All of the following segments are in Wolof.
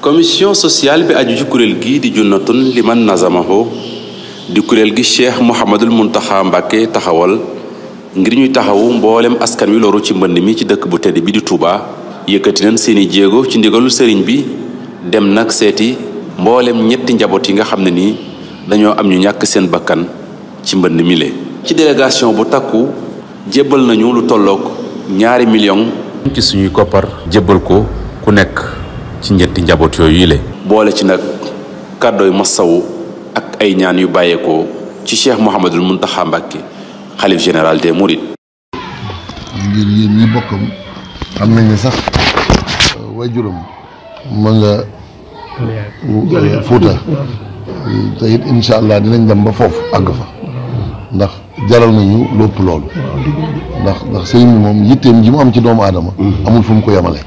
commission sociale bi aju ci kuréel gi di junnatun liman nazamaho di kuréel gi cheikh mouhamadul muntaxa mbàkke taxawal ngir ñuy taxawu mboolem askan wi loru ci mbënd mi ci dëkk bu tedd bi di Touba yëkkati nañ seeni jéego ci ndigalul sëriñ bi dem nag seeti mboolem ñetti njaboot yi nga xam ne nii dañoo am ñu ñàkk seen bakkan ci mbënd mi le ci délégation bu takku jébbal nañu lu tolloog ñaari million ci suñuy koppar jébbal ko ku nekk ci ñetti njaboot yooyu yile boole ci nag kàddooy masawu ak ay ñaan yu bàyyeekoo ci cheikh Mouhamadul Mountakha Mbacké xalif général des Mourides. ngir yéen ñi bokkam xam nañ ne sax euh, waajuram ma nga Fuuta te it allah dinañ dem foofu àgg fa. ndax jaral nañu lépp loolu ndax ndax sëriñ bi moom yitteem ji mu am ci doomu aadama amul fu mu ko yemale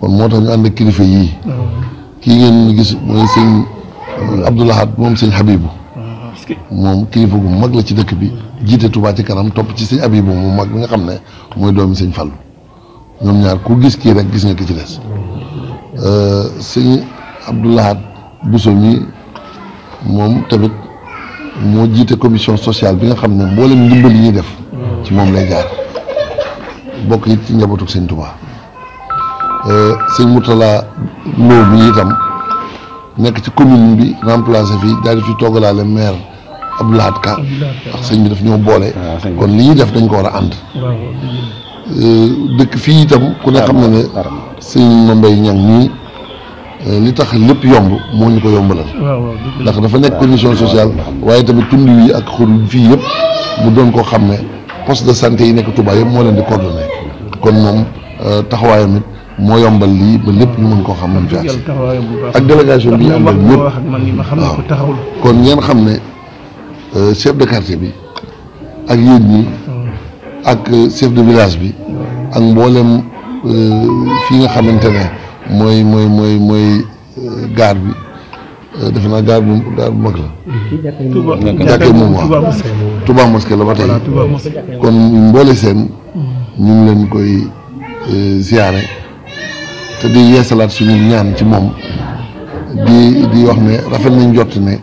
kon moo tax ñu ànd ak kilifa yii kii ngeen gis mooy sëñ euh, Abdoulahad moom sëñ Habibu moom kilifa gu mag la ci dëkk bi jiite ci kanam topp ci sëñ Habibu mu nga xam ne mooy doomi sëñ Fallu ñoom ñaar ku gis kii rek gis nga ki ci des euh, sëñ Abdoulahad Bousso mi moom tamit moo jiite commission sociale bi nga xam ne mboolem ndimbal yi ñuy def ci moom lay jaar bokk it ci njabootuk sëñ Tuubaa euh, sëñ Mourtala Lo mi nekk ci commune bi remplacé fii daal di fi toggalaale maire Abdou Lahad Ka ak sëñ bi daf ñoo boole ah, kon li ñuy def dañ ko war a ànd euh, dëkk fii itam ku ne xam ne ne sëñ Ñaŋ nii Euh, li tax lépp yomb moo ñu ko yombalal. ndax dafa nekk condition sociale waaye tamit tund yi ak xur fii yëpp mu doon ko xam ne poste de santé yi nekk Touba yëpp moo leen di coordonné kon moom euh, taxawaayam it moo yombal lii ba lépp ñu mën koo xam man fi ak délégation bi ñu àndal ñëpp waaw kon ngeen xam ne euh, chef de quartier bi ak yéen ñi ak chef de village bi ak mboolem fi nga xamante ne mooy mooy mooy mooy euh, gaar bi euh, defe naa gaar bu gaar bu mag la. jàkkee moom waaw Touba Mosquée la ba tey kon mboole seen mm. ñu ngi leen koy euh, ziyaare te di yeesalaat suñu ñaan ci moom di di wax ne rafet nañ jot ne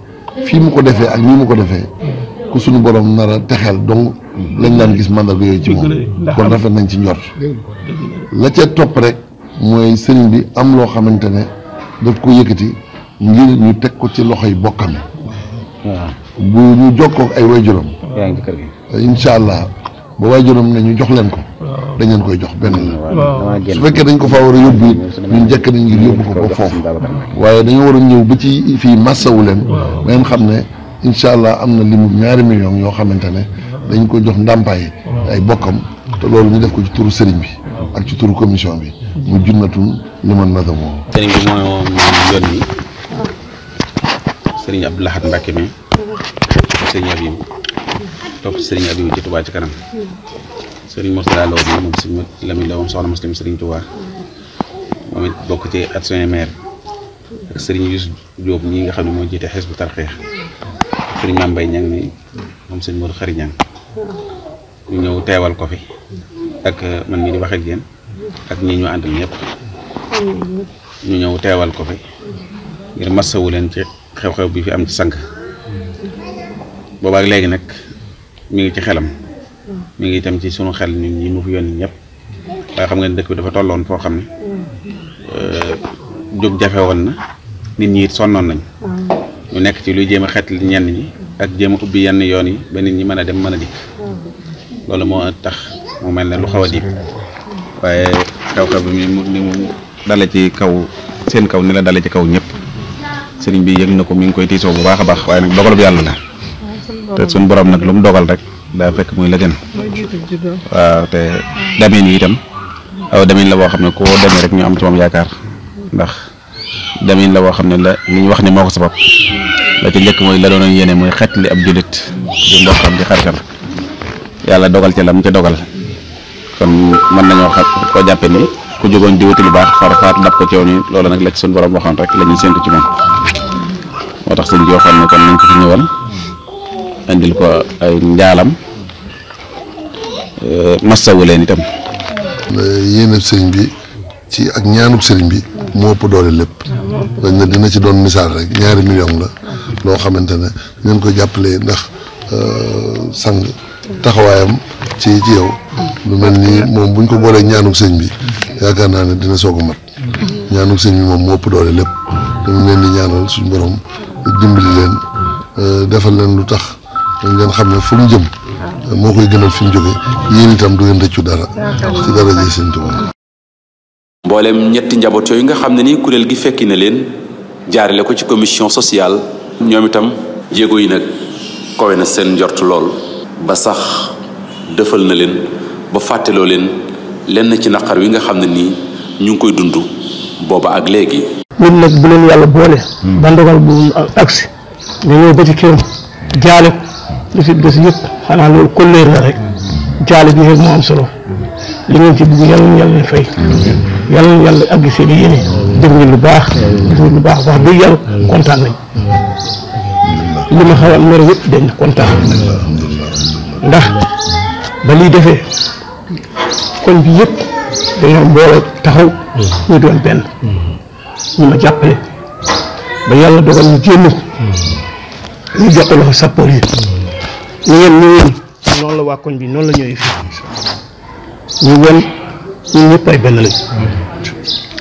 fii mu ko defee ak nii mu ko defee mm. ku suñu borom nar a texeel donc lañ daan gis mandarga yooyu ci moom kon rafet nañ ci njort la ca topp rek. mooy sëriñ bi am loo xamante ne daf ko yëkkati ngir ñu teg ko ci loxo yi bokkam waaw bu ñu jox jokkoo ay waajuram incha allah ba waajuram ne ñu jox leen ko dañ koy jox benn la su fekkee dañ ko faa war a yóbbu it ñun njëkk nañ ngir yóbbu ko ba foofu waaye dañu war a ñëw ba ci fii massawu leen ba ngeen xam ne incha allah am na limu ñaari million yoo xamante ne dañ ko jox ndàmpaay ay bokkam te loolu ñu def ko ci turu sëriñ bi ak ci turu commission bi mu junnatum li man nasa moom sëriñ bi mooy yónni sëriñ Abdou Lahad Mbacke mi sëriñ Abib topp sëriñ Abib ci Touba ci kanam sëriñ Moustapha Lo moom moom muslim sëriñ Touba moom bokk ci adjoint maire ak sëriñ Youssou Diop ñi nga xam ne moo jiite Hizbut Tarqiyyah sëriñ moom sëriñ Modou Khary Niang ñu ñëw teewal ko fi ak man mii di wax ak ak ñi ñu àndal yépp ñu ñëw teewal ko fi ngir masawu leen ci xew-xew bi fi am ci sang boobaak léegi nag mu ngi ci xelam mu ngi itam ci sunu xel ñun ñi mu fi yónni ñëpp waaye xam nga ne dëkk bi dafa tolloon foo xam ne euh, jóg jafe woon na nit ñi sonnoon nañ ñu nekk ci lu jéem a xeet ñenn ñi ak jéem a ubbi yenn yoon yi ba nit ñi mën a dem mën a dikk loolu moo tax mu mel ne lu xaw a diib waaye xew-xew bi mu ni mu dale ci kaw seen kaw ni la dale ci kaw ñëpp sëriñ bi yëg na ko mi ngi koy tiisoo bu baax a baax waaye nag dogalub yàlla la te suñ borom nag lu mu dogal rek daa fekk muy la gën waaw te demeen yi itam aw demin la boo xam ne koo demee rek ñu am ci moom yaakaar ndax demin la boo xam ne la li ñu wax ne moo ko sabab la ci njëkk mooy la doon yéene mooy xetli ab jullit di am di xaritam yàlla dogal ca lam ca dogal kon mën nañoo xam koo jàppe ni ku jógoon di wuti lu baax far faatu dab ko ceew ni loolu nag la ci suñu borom waxoon rek la ñuy ci moom moo tax sëñ bi waxoon ne kon nañ ko fi ñëwal indil ko ay njaalam eh, masawu leen itam. yéen sëñ bi ci ak ñaanuk sëriñ bi moo ëpp doole lépp dañ na dina ci doon misaal rek ñaari million la loo xamante ne ngeen ko jàppalee ndax eh, sang. taxawaayam ci ci yow. lu mel ni moom buñ ko boolee ñaanuk sëñ bi yaakaar naa ne dina soog a mat. ñaanuk sëñ bi moom moo ëpp doole lépp. dama leen di ñaanal suñu borom dimbali leen euh, defal leen lu tax ngeen xam ne fu mu jëm. moo koy gënal fi mu jógee yéen tam du ngeen dara. ci dara ji sëñ Tuubaa. mboolem ñetti njaboot yooyu nga xam ne nii kuréel gi fekki na leen jaarale ko ci commission sociale ñoom itam jéego yi nag kowe na seen njort lool. ba sax defal na leen ba fàttaloo leen lenn ci naqar wi nga xam ne nii ñu ngi koy dund booba ak léegi. nit nag bu leen yàlla boole. Hmm. ba ndogal bu agsi nga ñëw ba ci këram jaale ko li fi des yëpp xanaa loolu kolleer la rek hmm. jaale bi rek moo am solo li ngeen ci bëgg yàlla na yàlla hmm. yàlla na yàlla àgg seen i yéene. def lu baax. def ngeen lu baax wax dëgg yàlla kontaan nañ li ma xaw a mer yëpp dañ kontaan. ndax ba liy defee koñ bi yëpp dañoo mbooloo taxaw ñu doon benn ñu ma jàppale ba yàlla dogal ñu génn ñu jox ko sappoor yi ñu ngeen ñu woon noonu la waa koñ bi noonu la ñooy fii ñu woon ñun ñëpp ay benn lañ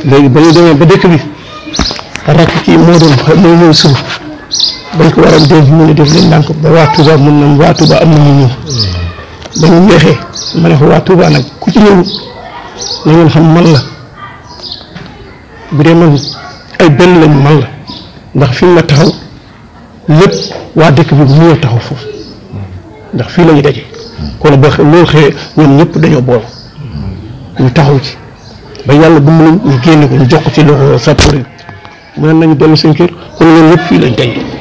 léegi ba demee ba dëkk bi rakk kii moo doon moo ñëw bañ ko waroon def mu ne def leen ndànk ba waa Touba mun nañ waa Touba am na ñu ñëw ba ñu neexee ma ne ko waa Touba nag ku ci ñëw na ngeen xam man la bu dee man ay benn lañ man la ndax fii ma taxaw lépp waa dëkk bi bu ñëw taxaw foofu ndax fii la ñu daje kon ba loolu xëyee ñoom ñëpp dañoo bool ñu taxaw ci ba yàlla bu mu ñu génne ko ñu jox ko ci loxo sapeur yi mën nañu dellu seen kër kon loolu yëpp fii lañ daje.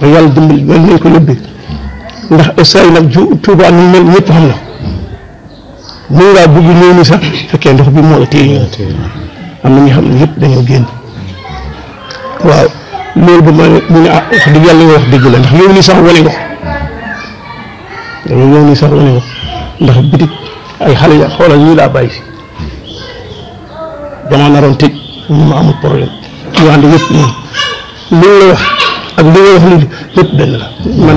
ba yàlla dimbali ba nañ ko nëbbi ndax Australie nag ju Touba nu mel ñëpp xam na mun ngaa bugg ñëw ni sax fekkee ndox bi moo la téye am na ñu xam ne ñëpp dañoo génn waaw loolu ba ma mu ne ah wax dëgg yàlla nga wax dëgg la ndax yow ni sax wane nga ko yow ni ndax bitik ay xale ya xoolal ñu laa bàyyi damaa naroon tëj ñu ma amul problème loolu wax ak li nga wax ni lépp benn la man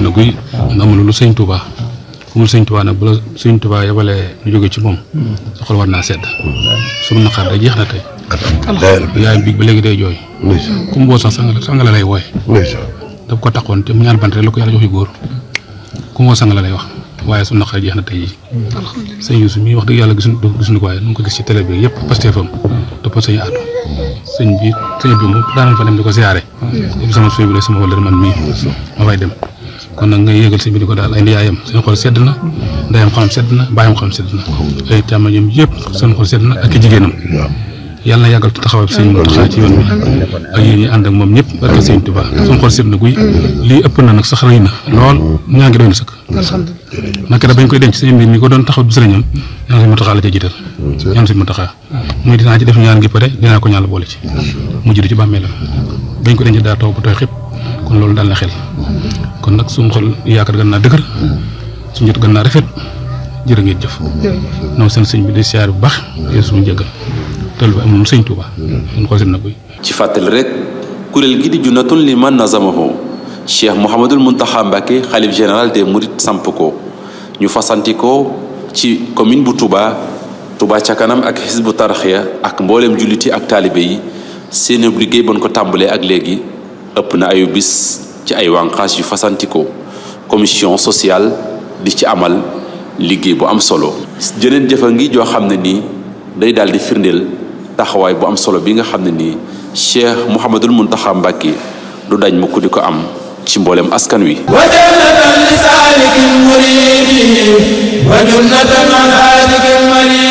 na guy. lu sëñ Touba ku mu sëñ nag bu la sëñ Touba yabalee ñu jóge ci moom. sa xol war naa sedd. suñu naqar day jeex na tey. yaayam bi ba léegi day jooy. ku mu boo sax sang la lay wooy. daf ko taxoon te mu ñaar bant rek la ko yàlla jox yu góor ku mu la lay wax. waaye su naqare jeex na tey jii sëñ Youssou mii wax dëgg yàlla gisuñu gisuñu ko waaye nu ko gis ci télé bi yëpp pasté fam toppal sëñ Atou sëñ bi sëñ bi moom daanañ fa dem di ko siyaare hmm. bi sama suy bi la sama wala man mii ma fay dem kon nag nga yëgal sëñ bi di ko daal ay ndiyaayam seen xol sedd na ndeyam xolam sedd na bàyyam xolam sedd na ay càmmoñam yëpp seen xol sedd na ak i jigéenam yàlla na yàggal taxawaay sëñ Muntaxa ci yoon bi ak yéen ñi ànd ak moom ñëpp barke sëñ Tuubaa mm-hmm. suñu xol seet na guy mm-hmm. lii nag sax na lool mm-hmm. ñaa ngi doon sëkk naka bañ koy denc sëñ bi mi ko doon taxaw du sëriñam ñaan sëñ Muntaxa la ca jiital ñaan sëñ dinaa ci def ñaan gi pare dinaa ko ñaan boole ci mu jiitu ci bàmmeelam bañ ko denc daa taw bu tooy xëpp kon loolu daal xel kon nag suñu xol yaakaar gën naa dëgër suñu jot gën naa rafet jërë ngeen jëf noonu seen sëñ bi di siyaar bu baax yéen suñu jëggal tool bi Touba. na ci fàttali rek kuréel gi di Junatun Liman Nazamahu Cheikh Mouhamadul Mountakha Mbacké xalif général des Mourides samp ko ñu fasantikoo ci commune bu Touba tubaa ca kanam ak Hizbu Tarxiya ak mbooleem julliti ak taalibe yi seen liggéey ba ko tàmbalee ak léegi ëpp na ayu bis ci ay wànqaas yu fasanti ko commission sociale di ci amal liggéey bu am solo. jëneen jëfa ngi joo xam ne nii day daal di firndeel. taxawaay bu am solo bi nga xam ne ni Cheikh Mouhamadul Mountakha Mbacké du dañ mu ko di ko am ci mboolem askan wi wa